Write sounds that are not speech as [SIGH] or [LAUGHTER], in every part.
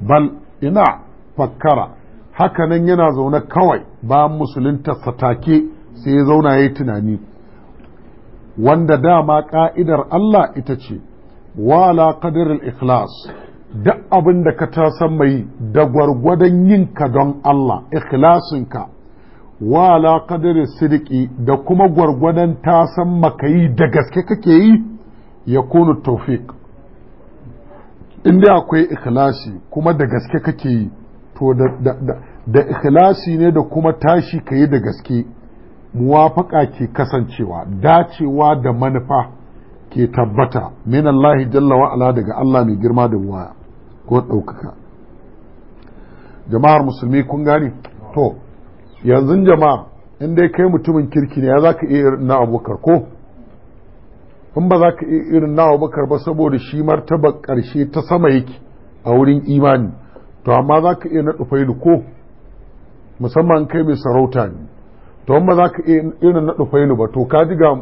bal ina fakkara hakanan yana zaune kawai bayan musuluntarsa take sai ya zauna ya yi tunani wanda dama ka'idar Allah ita ce wala qadirul ikhlas duk abin da ka tasan mai da gwargwadon yinka don Allah ikhlasinka wala qadirin sidiki da kuma gwargwadon tasan makayi da gaske kake yi ya kunu tawfiq in dai akwai ikhlasi kuma da gaske kake yi to da ikhlasi ne da kuma tashi ka yi da gaske muwafaka ke kasancewa dacewa da manufa ke tabbata min Allah jalla wa daga Allah mai girma da waya ko ɗaukaka jama'ar musulmi kun gane to yanzu jama'a in dai kai mutumin kirki ne ya zaka ka iya na abokar ko in ba za ka iya irin nawa bakar ba saboda shi martaba ƙarshe ta sama yake a wurin imani to amma za ka iya na ɗufailu ko musamman kai mai sarauta ne to amma za ka iya irin na ɗufailu ba to ka ji ga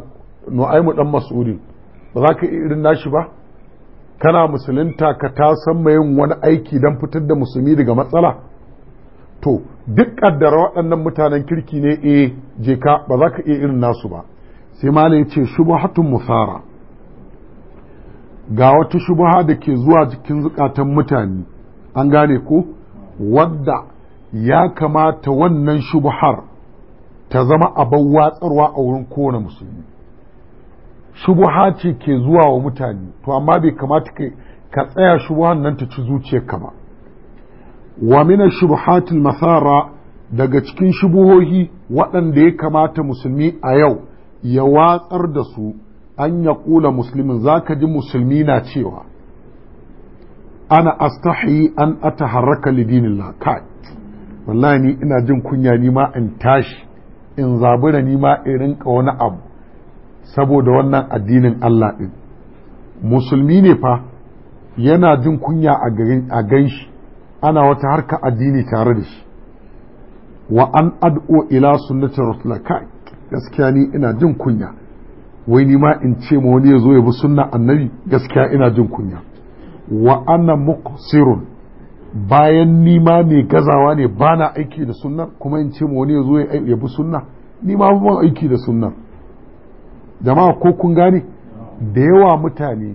mu ɗan masuri ba za ka iya irin nashi ba kana musulunta ka ta san yin wani aiki don fitar da musulmi daga matsala to duk ƙaddara waɗannan mutanen kirki ne eh je ka ba za ka iya irin nasu ba sai mala ya ce shubuhatun musara ga wata shubuha da ke zuwa jikin zukatan mutane an gane ko wadda ya kamata wannan shubuhar ta zama abin watsarwa a wurin kowane musulmi shubuha ce ke zuwa wa mutane to amma bai kamata ka tsaya shubuhan nan ta ci zuciyarka ba wa mina shubuhatul masara daga cikin shubuhohi waɗanda ya kamata musulmi a yau ya watsar da su an ya kula musulmin za ka ji musulmi na cewa ana astahi an ataharraka lidinillah kai wallahi ni ina jin kunya ni ma in tashi in zabura ni ma in rinka wani abu saboda wannan addinin Allah ɗin. musulmi ne fa yana jin kunya a gan shi ana wata harka addini tare da shi wa an ad'u ila sunnatin rasulullah kai gaskiya ni ina jin kunya wai ni ma in ce ma wani ya zo ya bi sunna annabi gaskiya ina jin kunya wa ana muqsirun bayan ni ma mai gazawa ne bana aiki da sunna kuma in ce ma wani ya zo ya bi sunna ni ma ban aiki da sunna jama'a ko kun gane da yawa mutane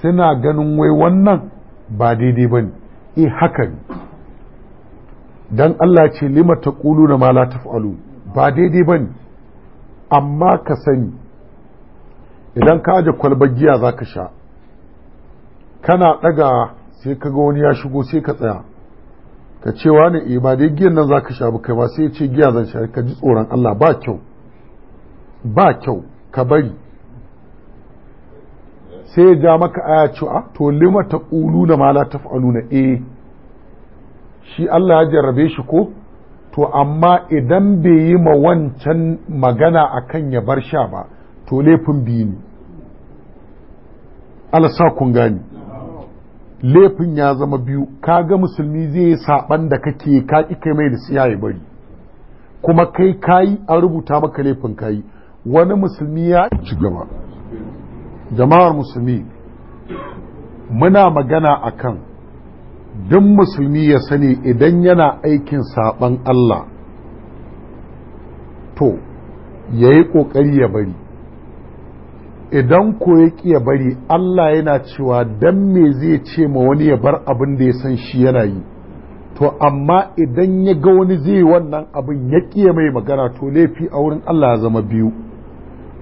suna ganin wai wannan ba daidai ba ne eh haka ne dan Allah ce lima taquluna ma la taf'alu ba daidai bane amma ka sani idan ka aje kwalbar giya za ka sha kana ɗaga sai ka ga wani ya shigo sai ka tsaya ka ce wa eh ba dai giyan nan za ka sha ba kai ba sai ya ce giya zan sha ka ji tsoron Allah ba kyau ba kyau ka bari sai ya ja maka aya cewa ah, to lima ta ƙulu na ma la na eh shi Allah ya jarrabe shi ko to amma idan bai yi ma wancan magana akan ya bar sha ba to laifin biyu ne alasa kun gani laifin ya zama biyu Ka ga musulmi zai yi saɓan da kake ka kai mai da siya ya bari kuma kai kayi an rubuta maka laifin kayi wani musulmi ya ci gaba jama'ar musulmi muna magana akan duk musulmi ya sani idan yana aikin saɓan Allah to ya yi ƙoƙari ya bari idan ko ya ƙi ya bari Allah yana cewa dan me zai ce ma wani ya bar abin da ya san shi yana yi to amma idan ya ga wani zai wannan abin ya ya mai magana to laifi a wurin Allah ya zama biyu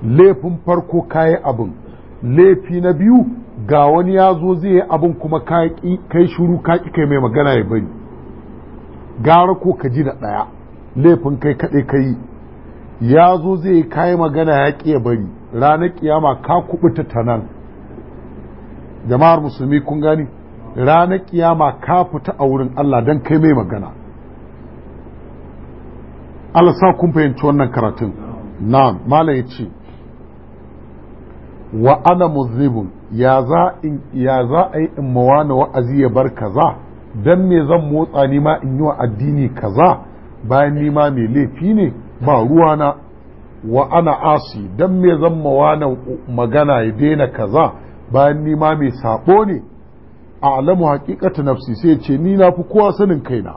laifin farko kayi abin laifi na biyu ga wani ya zo zai abin kuma kai shuru ka kai mai magana ya bari gara ko ka ji da ɗaya laifin kai kaɗai ka yi ya zo zai kayi magana ya ƙi ya bari ranar kiyama ka kuɓuta ta nan jama'ar musulmi kun gani ranar kiyama ka fita a wurin Allah don kai mai magana Allah sa kun fahimci wannan karatun na malam ce wa ana muzibun ya za a yi in mawana wa'azi ya bar kaza dan me zan motsa ni ma in yi wa addini kaza bayan ni ma mai laifi ne ba ruwana wa ana asi dan me zan mawana magana ya daina kaza bayan ni ma mai sabo ne a alamu hakikata nafsi sai ce ni na fi kowa sanin kaina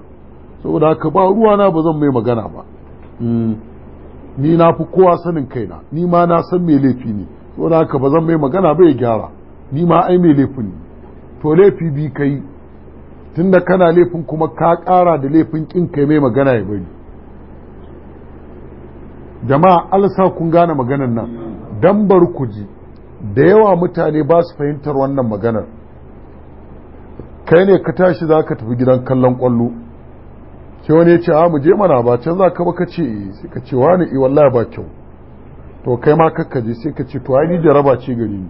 saboda haka ba ruwana ba zan mai magana ba hmm. ni na fi kowa sanin kaina ni ma na san mai laifi ne so da haka ba zan mai magana bai gyara ni ma ai mai laifin to laifi bi kai tunda kana laifin kuma ka kara da laifin kin kai mai magana ya bari jama'a alsa kun gane maganar nan dan bar ku ji da yawa mutane ba su fahimtar wannan maganar kai ne ka tashi za ka tafi gidan kallon kwallo sai wani ya ce a mu je mana ba can za ka ba ka ce eh. sai ka ce wani eh, wallahi ba kyau to kai ma kakka je sai ka ce to ai ni jaraba ce gari ne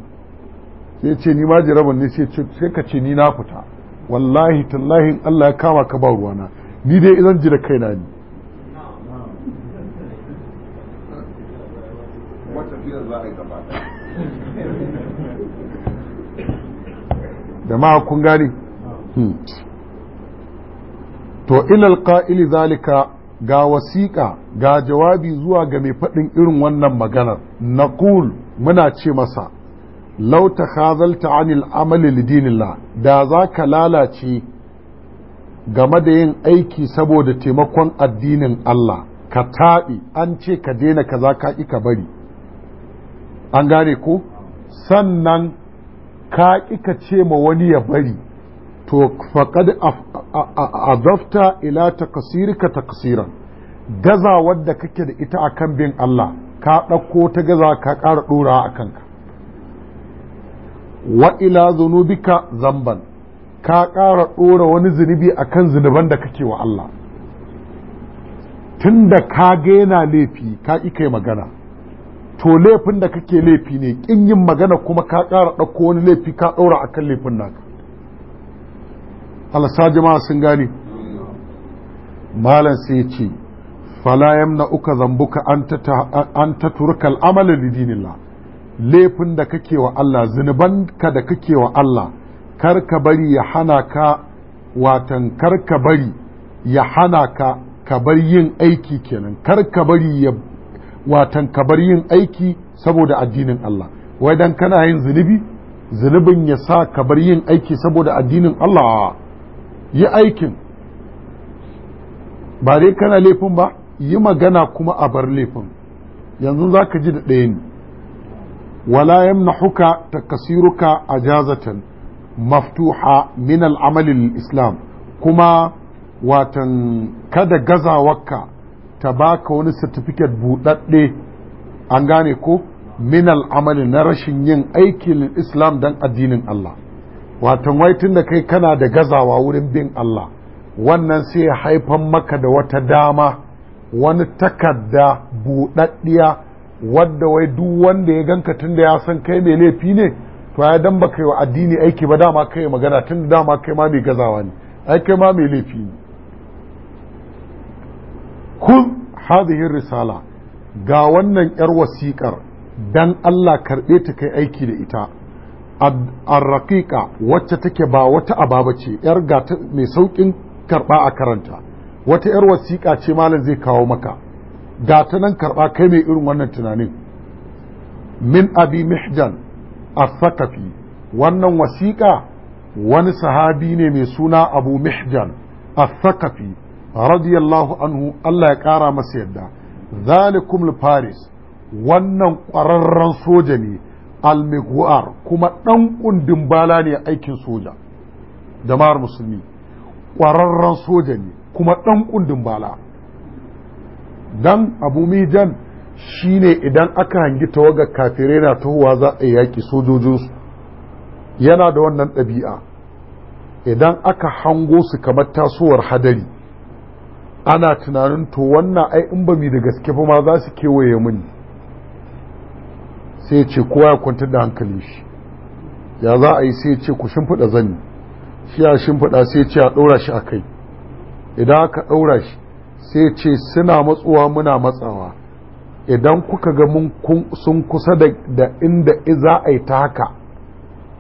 sai ce ni ma jaraba ne sai ka ce ni na fita wallahi tallahi Allah ya kama ka ba ruwana ni dai idan ji da kaina ne da ma kun gane hmm. to ilal qa'ili zalika ga wasiƙa ga jawabi zuwa ga mai faɗin irin wannan maganar naqul muna ce masa law takhazalta anil amali lidinillah da za ka lalace game da yin aiki saboda taimakon addinin Allah ka taɓi an ce ka daina kaza ka ƙi ka bari an gane ko sannan ka ƙi ka ce ma wani ya bari to faƙad adafta ila taqsirika taqsiran gaza wadda kake da ita akan bin Allah ka ɗauko ta gaza ka ƙara ɗora a kanka wa ila zunubika zamban ka ƙara ɗora wani zunubi akan zunuban da kake wa Allah tun ka ga yana laifi ka ƙi kai magana to laifin da kake laifi ne ƙin yin magana kuma ka ƙara ɗauko wani laifi ka ɗora akan laifin naka Allah sa jama'a sun gane malam sai ce fala yamna uka zambuka an ta turka al'amala laifin da kake wa Allah ka da kake wa Allah karka bari ya hana ka watan karka bari ya hana ka ka bar yin aiki kenan karka bari ya watan ka bar yin aiki saboda addinin Allah wai dan kana yin zunubi zunubin ya sa ka bar yin aiki saboda addinin Allah yi aikin ba dai kana laifin ba yi magana kuma a bar laifin yanzu za ka ji da ɗaya ne wala kasiruka takasiruka jazatan maftuha min al'amalin islam kuma watan kada gazawarka ta baka wani certificate buɗaɗɗe an gane ko min al'amalin na rashin yin aikin islam don addinin Allah watan wai tun da kai kana da gazawa wurin bin Allah wannan sai ya haifan maka da wata dama wani takarda buɗaɗɗiya wadda wai duk wanda ya ganka tun ya san kai mai laifi ne to ya dan baka yi wa addini aiki ba dama kai magana tun da dama kai ma mai gazawa ne ai kai ma mai laifi ne kun hadihin risala ga wannan yar wasiƙar dan Allah karɓe ta kai aiki da ita arraƙiƙa wacce take ba wata ababa ce yar gata mai sauƙin karɓa a karanta wata yar wasiƙa ce malam zai kawo maka Ga ta nan karɓa kai mai irin wannan tunanin min abi mihjan as-sakafi wannan wasiƙa wani sahabi ne mai suna abu mihjan as-sakafi radiyallahu anhu Allah ya ƙara masa yadda zalikum faris wannan ƙwararren soja ne al kuma ɗan ƙundin bala ne aikin soja jama'ar musulmi ƙwararren soja ne kuma ɗan ƙundin bala dan abu mijan shine idan aka hangi tawagar kafirai na tahowa za a yaki sojojinsu yana da wannan ɗabi'a idan aka hango su kamar tasowar hadari ana tunanin to wannan ai in ba mi da gaske ba ma za su kewaye mini sai ce kowa ya kwantar da hankali shi ya za a yi sai ce ku shimfiɗa zani shi ya shimfiɗa sai ce a ɗaura shi a kai idan aka ɗaura shi sai ce suna matsuwa muna matsawa idan kuka ga mun sun kusa da inda za a yi ta haka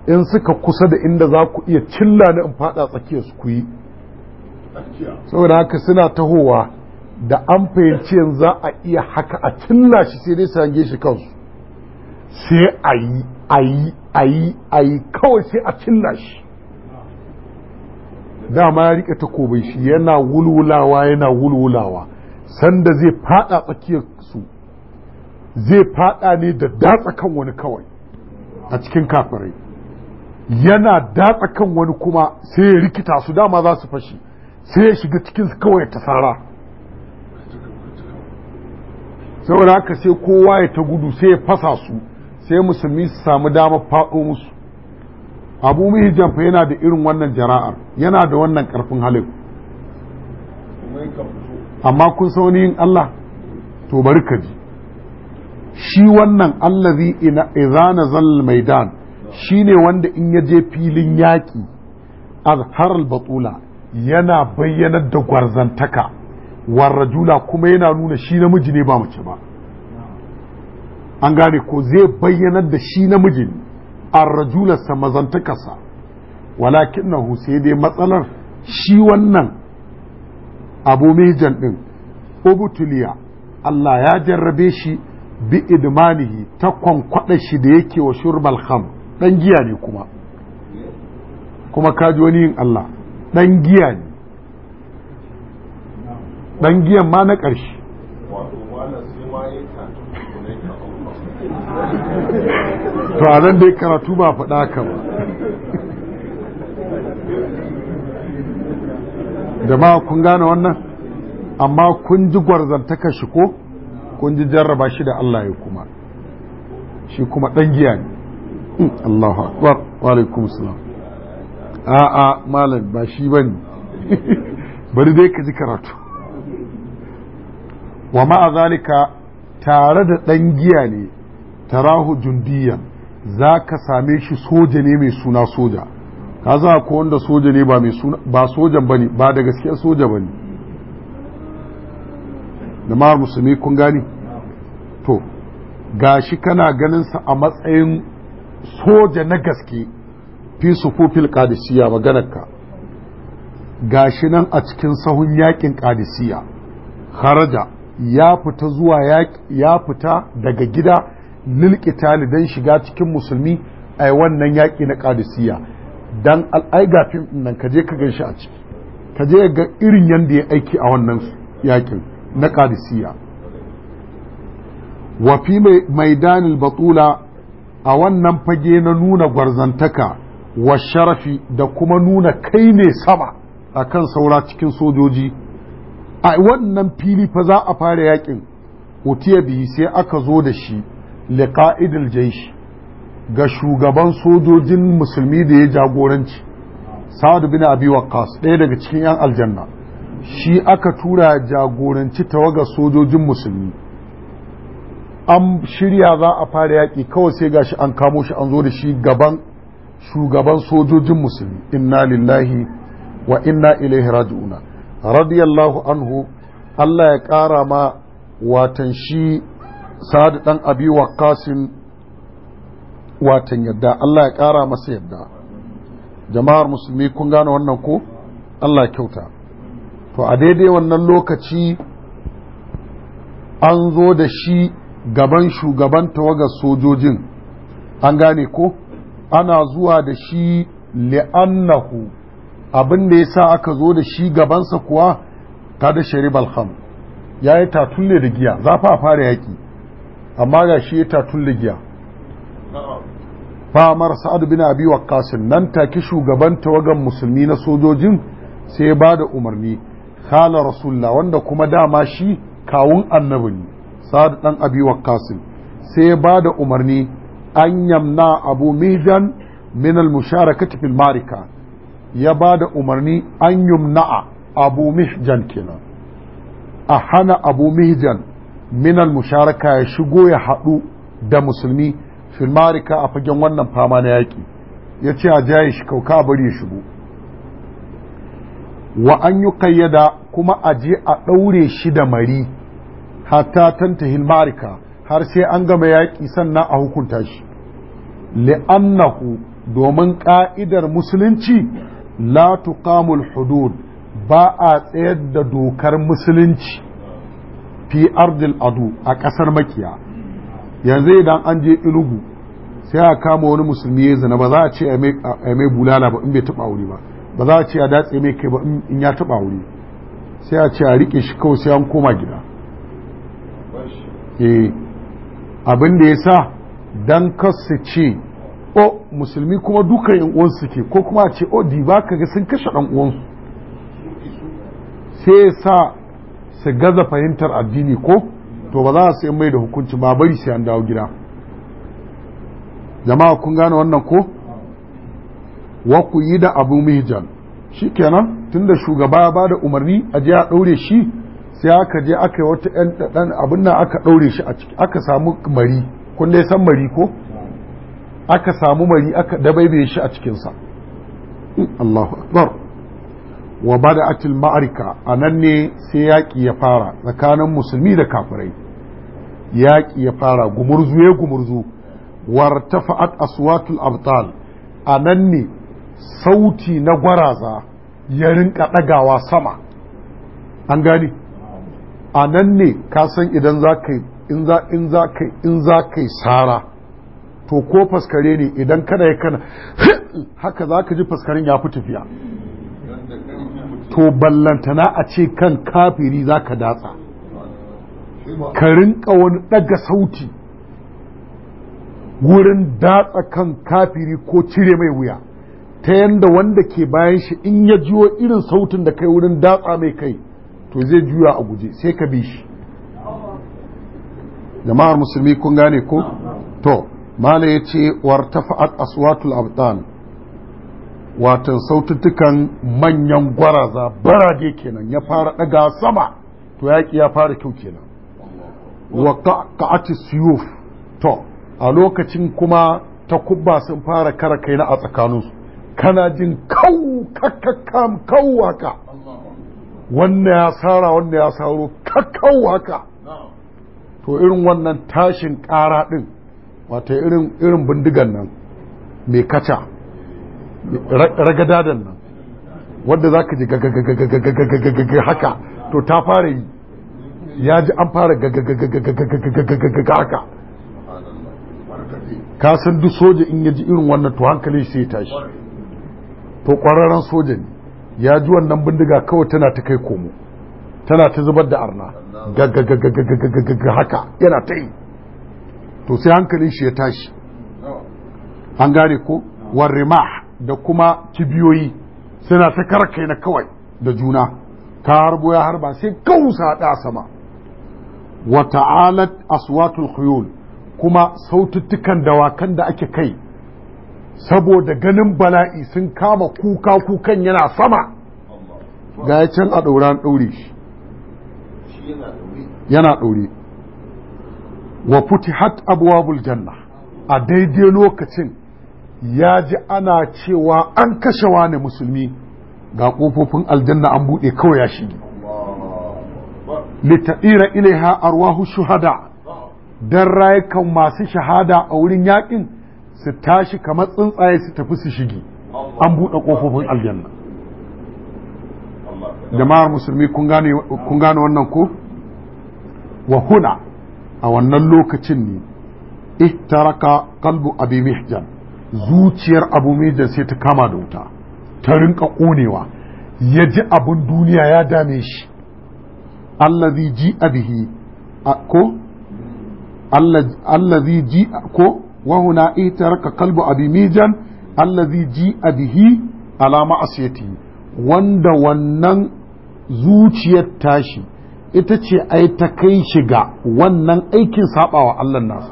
in suka kusa da inda za ku iya cilla ni in faɗa tsakiyar su ku yi saboda haka suna tahowa da an fahimci yanzu za a iya haka a cilla shi sai dai su hange shi kansu sai a yi a yi a yi a yi kawai sai a cilla shi dama ya rike kobai shi yana wulwulawa yana wulwulawa sanda zai fada tsakiyar su zai fada ne da datsa kan wani kawai a cikin kafirai yana datsa kan wani kuma sai ya rikita su dama za su fashi sai ya shiga cikin su kawai ta sara saboda haka sai kowa ya ta gudu sai ya fasa su sai musulmi su samu damar faɗo musu abu mihi fa yana da irin wannan jara'ar yana da wannan karfin halin amma kun sauni yin Allah to bari ka ji shi wannan allazi izana zal maidan shine wanda in ya je filin yaƙi alharal batula yana bayyanar da gwarzantaka warrajula kuma yana nuna shi namiji ne ba mace ba an gane ko zai bayyanar da shi namiji an rajularsa mazantakarsa walakin na sai dai matsalar shi wannan abu mejan ɗin obutuliya Allah ya jarrabe shi bi idmanihi ta kwankwaɗa shi da yake wa shurbal ham. ɗan giya ne kuma kuma kaji wani yin Allah ɗan giya ne ɗan giyan ma na ƙarshe to a nan dai karatu ba faɗa ka ba jama'a kun gane wannan amma kun ji gwarzantaka shi ko kun ji jarraba shi da Allah ya kuma shi kuma ɗan giya ne hmm, Allahu akbar wa alaikum salam a'a malam ba shi bane [LAUGHS] bari dai ka ji karatu wa ma'a zalika tare da ɗan giya ne tarahu jundiyan za ka same shi soja ne mai suna soja ka za ko wanda soja ne ba ba sojan ne, ba da gaske soja ba ne. da ma musulmi kun gani to ga shi kana ganin sa a matsayin soja na gaske fi sufufil ka. maganarka shi nan a cikin sahun yakin kadisiya kharaja ya fita zuwa ya fita daga gida lilkitali don shiga cikin musulmi a wannan yaƙi na ƙadisiyya don al'aiga fim nan kaje ka ganshi a ciki ka ga irin yadda ya aiki a wannan yaƙin na ƙadisiya wafi mai danil batula a wannan fage na nuna gwarzantaka wa sharafi da kuma nuna kai ne sama a kan saura cikin sojoji a wannan fili fa za a fara yaƙin utiya bihi sai aka zo da shi liqa'idil jaish ga shugaban sojojin musulmi da ya jagoranci sa'ad bin abi waqqas ɗaya daga cikin yan aljanna shi aka tura jagoranci tawaga sojojin musulmi an shirya za a fara yaƙi kawai sai gashi an kamo shi an zo da shi gaban shugaban sojojin musulmi inna lillahi wa inna ilaihi raji'una radiyallahu anhu Allah ya ƙara ma watan shi sa'ad dan abi waqasin watan yadda Allah ya kara masa yadda jama'ar musulmi kun gane wannan ko Allah kyauta to a daidai wannan lokaci an zo da shi gaban shugaban tawagar sojojin an gane ko ana zuwa da shi li'annahu abin da ya sa aka zo da shi gabansa kuwa ta da sharibal ham ya yi tatulle da giya za fa fara yaƙi amma ga shi ya jiya. ligiya famar sa'adu bin abi waqqasin nan take shugaban tawagan musulmi na sojojin sai ba da umarni khala rasulullah wanda kuma dama shi kawun annabi ne sa'adu dan abi waqqasin sai ba da umarni an yamna abu mijan min al-musharakati fil marika ya ba da umarni an yumna'a abu mihjan kenan a hana abu mihjan minal musharaka ya shigo ya haɗu da musulmi fil marika a fagen wannan fama na yaƙi ya ce a jaye shi kauka bari ya shigo wa an yi kayyada kuma a je a ɗaure shi da mari hatta tanta hilmarika har sai an gama yaƙi sannan a hukunta shi li'annahu domin ƙa'idar musulunci la tuqamul hudud ba a tsayar da dokar musulunci fi ardil adu a ƙasar makiya yanzu idan an je Ilugu. sai a kama wani musulmi ya zana ba za a ce a mai bulala ba in bai taɓa wuri ba ba za a ce a datse mai kai ba in ya taɓa wuri sai a ce a riƙe shi kawai sai an koma gida eh, abin da ya sa don kasu ce o musulmi kuma dukan yan uwansu ke ko kuma a ce o di ba ka ga sun kashe ɗan uwansu sai sa su gaza fahimtar addini ko to ba za a sai mai da hukunci ba bari sai an dawo gida jama'a kun gane wannan ko wa ku yi da abu jan shi kenan tunda shugaba ya bada umarni a je a ɗaure shi sai aka je aka yi wata ɗan ɗan abin nan aka ɗaure shi a ciki aka samu mari kun dai san mari ko aka samu mari aka dabaibe shi a cikinsa Allahu akbar wa bada atil ma'arika a nan ne sai yaƙi ya fara tsakanin musulmi da kafirai yaƙi ya fara gumurzu ya gumurzu wartafa'at aswatul abtal a nan ne sauti na gwaraza ya rinka ɗagawa sama an gani a nan ne ka san idan za ka in za in za ka in za ka sara to ko faskare ne idan kana kana [LAUGHS] haka za ka ji faskaren ya fi tafiya to ballantana a ce kan kafiri za ka datsa ka rinka wani daga sauti wurin datsa kan kafiri ko cire mai wuya ta yadda wanda ke bayan shi in ya jiwo irin sautin da kai wurin datsa mai kai to zai juya a guje sai ka bi shi jama'ar musulmi kun gane ko to mala ya ce wartafa'at aswatul abdan watan saututtukan manyan gwaraza barade kenan ya fara daga sama to yaki ya fara kyau kenan wa ka'ati siyuf to a lokacin kuma ta kubba sun fara kara na a tsakaninsu kana jin kau kakkakam kau haka wannan ya sara wannan ya saro kakkau haka to irin wannan tashin ƙara din. wata irin bindigan nan mai kaca ragadadan nan wanda za ka ji haka to ta an fara haka ka duk soja in ya irin wannan to soja wannan bindiga kawai tana kai komo da arna haka yana hankalin shi ya tashi an gane ko da kuma cibiyoyi suna ta karkai na kawai da juna ta harbo ya harba sai kausa da sama wa ta'alat aswatul khuyul kuma saututtukan dawakan da ake kai saboda ganin bala'i sun kama kuka kukan yana sama ga ya can a ɗauran ɗaure shi yana ɗaure wa futihat abwabul janna a daidai lokacin ya ji ana cewa an kashe wani musulmi ga ƙofofin aljanna an buɗe kawai ya shige litaɗira ilaiha arwahu shuhada don rayukan masu shahada a wurin yaƙin su tashi kamar tsuntsaye su tafi su shige an buɗe ƙofofin aljanna jama'ar musulmi kun gane wannan ko wa huna a wannan lokacin ne ihtaraka qalbu abi mihjan zuciyar abu da sai ta kama da wuta ta rinka ƙonewa ya ji abin duniya ya dame shi allazi ji abihi ko allazi ji ko wahuna kalbu abi mijan? allazi ji abihi ala ma'asiyati wanda wannan zuciyar tashi ita ce ai ta kai shiga wannan aikin sabawa Allah nasu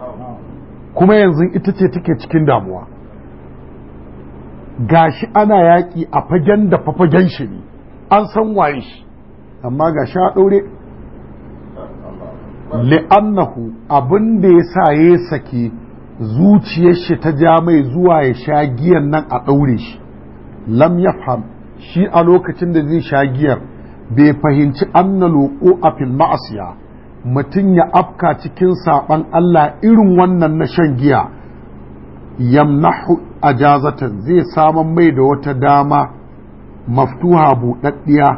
kuma yanzu ita ce take cikin damuwa gashi ana yaƙi a fagen da fafagen shi ne an san waye shi amma ga sha ɗaure li'annahu abin da ya sa ya sake zuciyar shi ta ja mai zuwa ya sha giyan nan a ɗaure shi lam yafham shi a lokacin da zai sha giyar bai fahimci anna loko a fil ma'asiya mutum ya afka cikin saɓan Allah irin wannan na shan giya yamnahu ajazatan zai saman mai da wata dama maftuha buɗaɗɗiya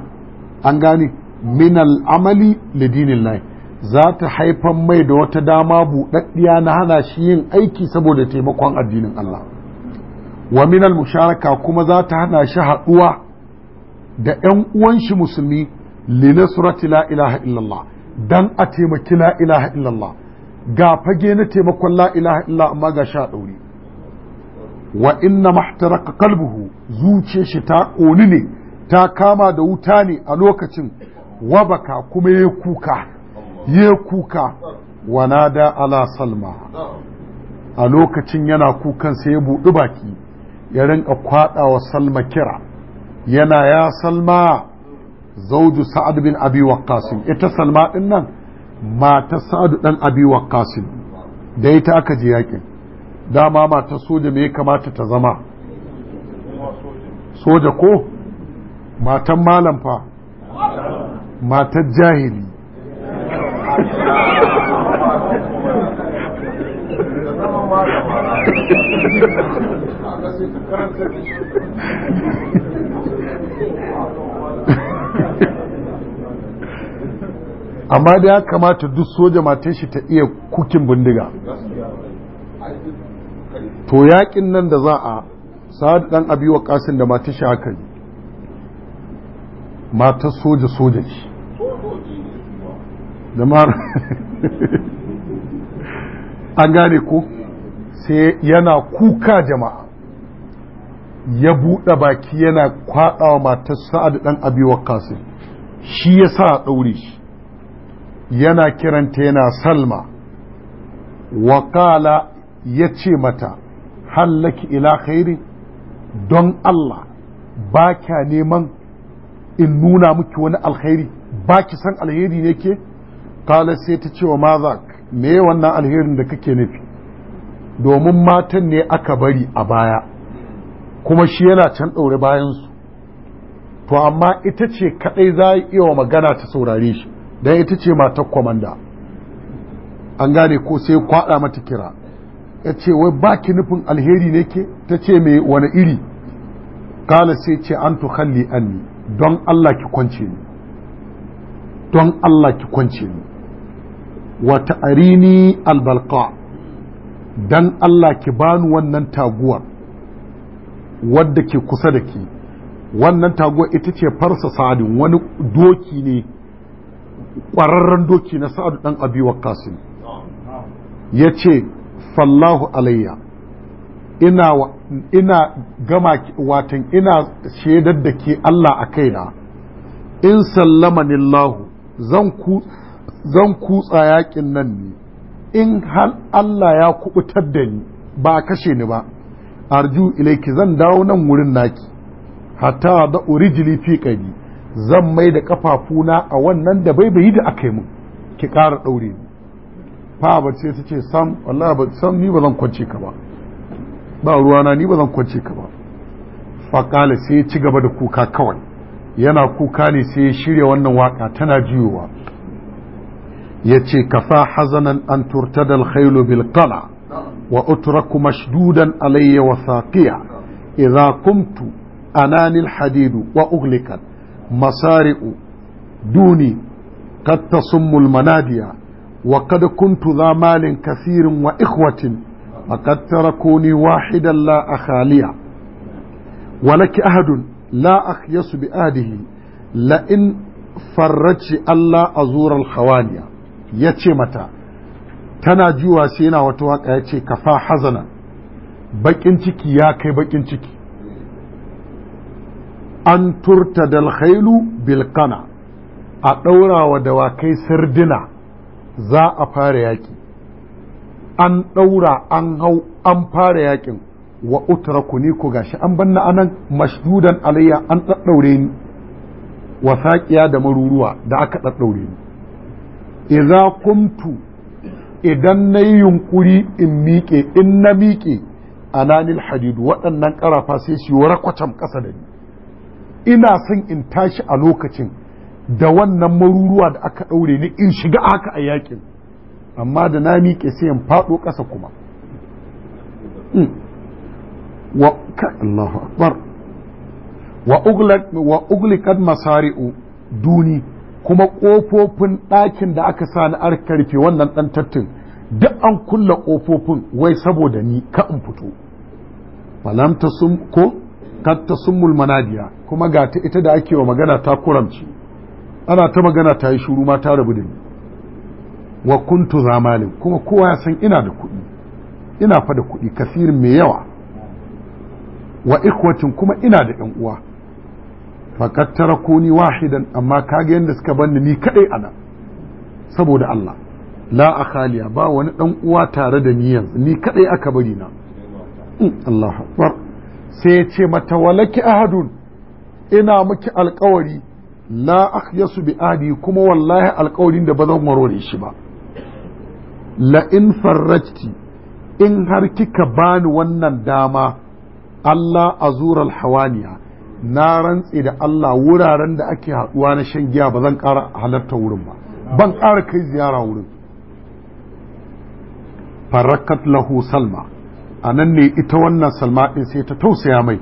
an gane min al'amali lidinillahi za ta haifan mai da wata dama buɗaɗɗiya na hana shi yin aiki saboda taimakon addinin Allah wa min musharaka kuma za ta hana shi haɗuwa da ‘yan uwan shi musulmi nasrati la ilaha illallah dan a taimaki la ilaha illallah ga fage na taimakon la ilaha illallah amma ga sha ɗauri wa inna mahtaraka kalbuhu zuce shi ta ƙoni ne ta kama da wuta ne a lokacin wabaka kuma ya kuka ya kuka wana da ala salma a lokacin yana kukan sai ya buɗi baki ya rinka kwaɗa wa salma kira yana ya salma zauju sa'ad bin abi waqqasin ita salma din nan mata sa'ad dan abi waqqasin da ita aka je yakin dama matar soja me ya kamata ta zama soja ko matan malam fa Matan jahili amma da ya kamata duk soja matan shi ta iya kukin bindiga to yaƙin nan da za a sa'ad dan abi wa kasin da mata shi haka yi mata soja soja ce da mar [LAUGHS] an gane ko sai yana kuka jama'a ya buɗe baki yana kwaɗawa matar sa'ad ɗan abi kasin, shi ya sa ɗaure shi yana kiranta yana salma Wakala ya ce mata hallaki ila khairi don Allah ba kya neman in nuna miki wani alkhairi ba ki san alheri ne ke kala sai ta ce wa mazak me wannan alherin da kake nufi domin matan ne aka bari a baya kuma shi yana can ɗaure bayansu to amma ita ce kaɗai za a iya magana ta saurare shi Dan ita ce matar kwamanda an gane ko sai kwaɗa mata kira ya ce wai baki nufin alheri ne ke ta ce mai wani iri kala sai ce an tukhalli anni don Allah ki kwance ni don Allah ki kwance ni wa ta'arini albalqa dan Allah ki bani wannan taguwar wadda ke kusa da ke wannan taguwar ita ce farsa sa'adin wani doki ne ƙwararren doki na sa'adu ɗan abi wa ya ce fallahu alayya ina ina gama watan ina shaidar da ke Allah a kaina in sallama nillahu, zan ku zan kutsa yakin nan ne in hal Allah ya kubutar da ni ba kashe ni ba arju ki zan dawo nan wurin naki hatta da urijili fi qadi zan mai da kafafuna a wannan da bai bai da akai mun ki ƙara daure ni fa ce ta ce sam wallahi ba sam ni ba zan kwance ka ba ba ruwana ni ba zan kwance ka ba faƙala sai ya ci gaba da kuka kawai yana kuka ne sai ya shirya wannan waka tana jiyowa ya ce kafa hazanan an turtadal khailu bil qala wa utraku mashdudan alayya wa saqiya idza kumtu anani al hadidu wa ughlikat masari'u duni qad tasummu al manadiya وقد كنت ذا مال كثير وإخوة فقد تركوني واحدا لا أخاليا ولك أهد لا أخيس بآده لئن a ألا أزور الخوانيا يتي متى tana juwa sai yana wata waka ya ce kafa hazana bakin ciki ya kai baƙin ciki an turta dalhailu bilkana a wa dawakai sirdina. za a fara yaƙi an ɗaura an hau an fara yaƙin wa utraku ni ku gashi an banna anan mashdudan alayya an ɗaɗɗaure ni wa saƙiya da maruruwa da aka ɗaɗɗaure ni idza kumtu idan na yi yunƙuri in miƙe in na miƙe alanil hadidu waɗannan ƙarafa sai su yi kwatam ƙasa da ni ina son in tashi a lokacin da wannan maruruwa da aka ɗaure ni in shiga haka a yakin amma da na miƙe sai in faɗo ƙasa kuma hmm. wa ka Allahu masari'u duni kuma ƙofofin ɗakin da aka sa na aka wannan ɗan tattin duk an kulla ƙofofin wai saboda ni ka in fito falam sun ko kat ta manadiya kuma ga ta ita da ake wa magana ta kuramci ana ta magana ta yi shuru mata rabu da ni wa kuntu zamalin kuma kowa ya san ina da kuɗi ina fa da kuɗi kasirin mai yawa wa ikwatin kuma ina da ɗan uwa ko ni wahidan amma kage yanda suka banni ni kadai ana saboda Allah la akhaliya ba wani ɗan uwa tare da ni yanzu ni kadai aka bari na hmm, Allahu sai ya ce mata walaki ahadun ina miki alkawari la akhyasu bi adi kuma wallahi alƙawarin da ba zan warware shi ba la in in har kika bani wannan dama Allah azura hawaniya na rantse da Allah wuraren da ake haɗuwa na shan giya ba zan ƙara halarta wurin ba ban ƙara kai ziyara wurin farakat lahu salma a nan ne ita wannan salma ɗin sai ta tausaya mai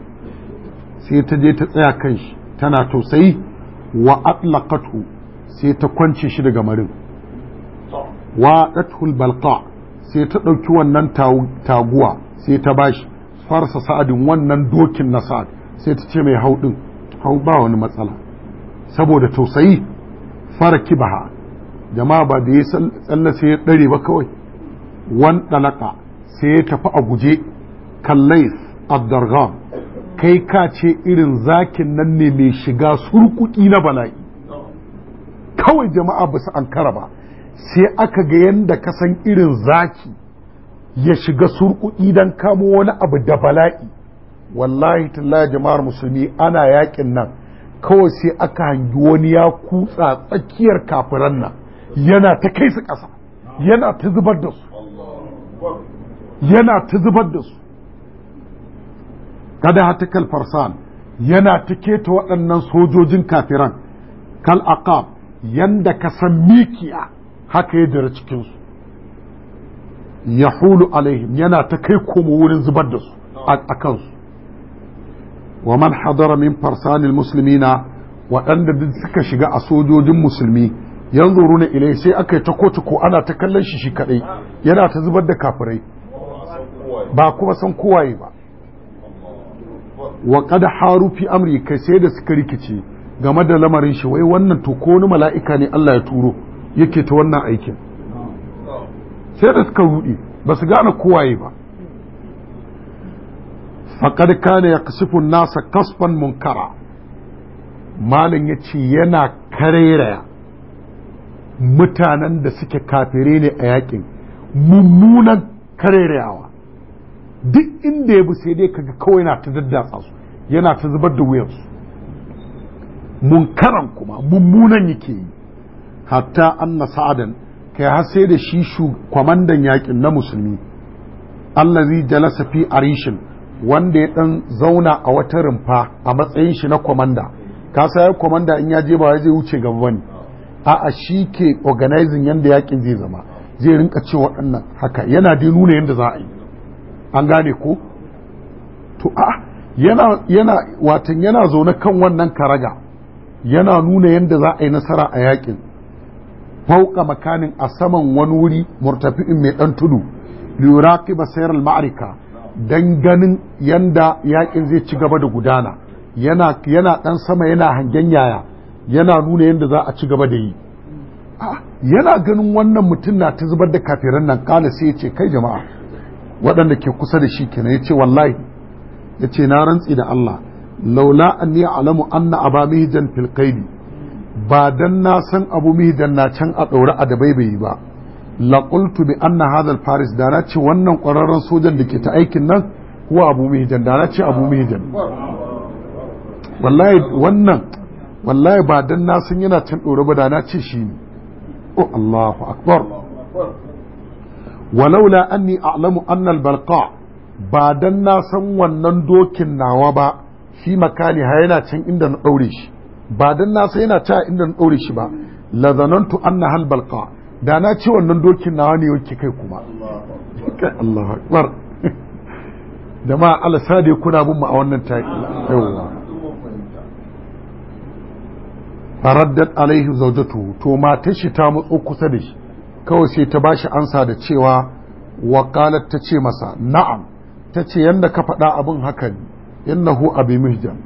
sai ta je ta tsaya kan shi tana tausayi wa atlaqathu sai ta kwance shi daga marin wa atul balqa sai ta ɗauki wannan taguwa sai ta bashi farsa sa'adin wannan dokin na sa'ad sai ta ce mai hau ɗin hau ba wani matsala saboda tausayi fara kibaha jama'a ba da ya tsalle sai ya ɗare ba kawai wan ɗalaka sai ya tafi a guje kallais abdargham kai ka ce irin zakin nan ne mai shiga surkuki na bala'i kawai jama'a ba su ankara ba sai aka ga yadda ka san irin zaki ya shiga surkuki don kamo wani abu da bala'i wallahi tallahi jama'ar musulmi ana yakin nan kawai sai aka hangi wani ya kutsa tsakiyar kafiran nan yana ta kai su ƙasa yana ta zubar da su kada ta kal farsan yana tike ta waɗannan sojojin kafiran kal aqab yanda ka san mikiya haka ya dira cikin Yahudu yahulu alaihim yana ta kai komo wurin zubar da su a kansu wa man hadara min farsanil muslimina waɗanda duk suka shiga a sojojin musulmi yanzu runa ilai sai aka yi ta kotu ko ana ta kallon shi shi kaɗai yana ta zubar da kafirai ba kuma san kowaye ba wa kada haru fi amri kai sai da suka rikice game da lamarin shi wai wannan to ko wani mala'ika ne Allah ya turo yake ta wannan aikin sai da suka rudi ba su gane kowaye ba faƙar kane ya kasifin nasa kasfan munkara malin ya ce yana karairaya mutanen da suke kafire ne a yakin mummunan karairayawa duk inda ya bi sai dai kaga kawai yana ta daddatsa su yana ta zubar da Mun munkaran kuma mummunan yake yi hatta na sa'adan kai har sai da shi kwamandan yakin na musulmi Allah Zai jalasa fi arishin wanda ya dan zauna a wata rumfa a matsayin shi na kwamanda ka sai kwamanda in ya je ba zai wuce gaba bane a'a shi ke organizing yanda yakin zai zama zai rinka cewa waɗannan haka yana dai nuna yanda za a yi an gane ko to a yana yana watan yana zaune kan wannan karaga yana nuna yadda za a yi nasara a yakin fauka makanin a saman wani wuri murtafi'in mai dan tudu luraki basayar ma'arika don ganin yadda yakin zai ci gaba da gudana yana yana dan sama yana hangen yaya yana nuna yadda za a ci gaba da yi yana ganin wannan mutum na ta zubar da kafiran nan kala sai ya ce kai jama'a waɗanda ke kusa da shi kenan yace wallahi yace na rantsi da Allah laula an anni a'lamu anna aba mihjan fil qaidi ba dan na san abu mihjan na can a daure a dabaibayi ba la qultu bi anna hadha al faris da na ce wannan ƙwararren sojan da ke ta aikin nan huwa abu mihjan da na ce abu mihjan wallahi wannan wallahi ba dan na san yana can daure ba da na ce shi ne oh Allahu akbar walaula anni a'lamu annal balqa ba dan na san wannan dokin nawa ba shi makani ha yana can inda na daure shi ba dan na san yana ta inda na daure shi ba la zanantu anna hal balqa da na ce wannan dokin nawa ne yake kai kuma kai Allahu akbar [LAUGHS] bin mu a wannan yawa alaihi zawjatu to matar shi ta mutsu kusa da shi kawai sai ta bashi ansa da cewa wakalar ta ce masa na'am ta ce yadda ka faɗa abin haka ne innahu abu mijan.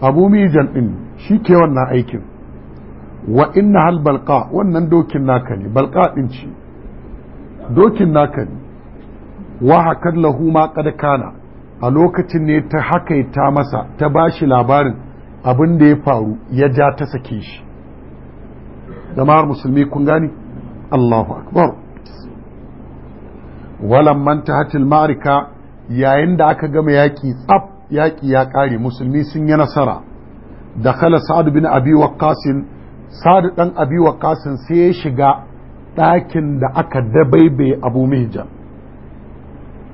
abu mijan din shi ke wannan aikin wa inna hal balqa wannan dokin naka ne balqa din ce dokin naka ne wa hakar lahu ma kad kana a lokacin ne ta hakaita masa ta bashi labarin abin da ya faru ya ja ta sake shi jama'ar musulmi kun gani Allahu akbar ta tahatil ma'arika yayin da aka gama yaƙi tsaf yaƙi ya ƙare musulmi sun yi nasara da kala sa'ad bin abi waqqasin sa'ad dan abi sai ya shiga ɗakin da aka dabaibe abu mihjan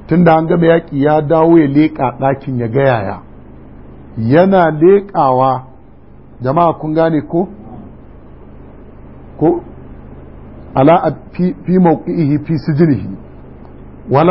tunda an gama yaƙi ya dawo ya leƙa ɗakin ya gayaya yana leƙawa jama'a kun gane ko ko ala fi mawqihi fi sijnihi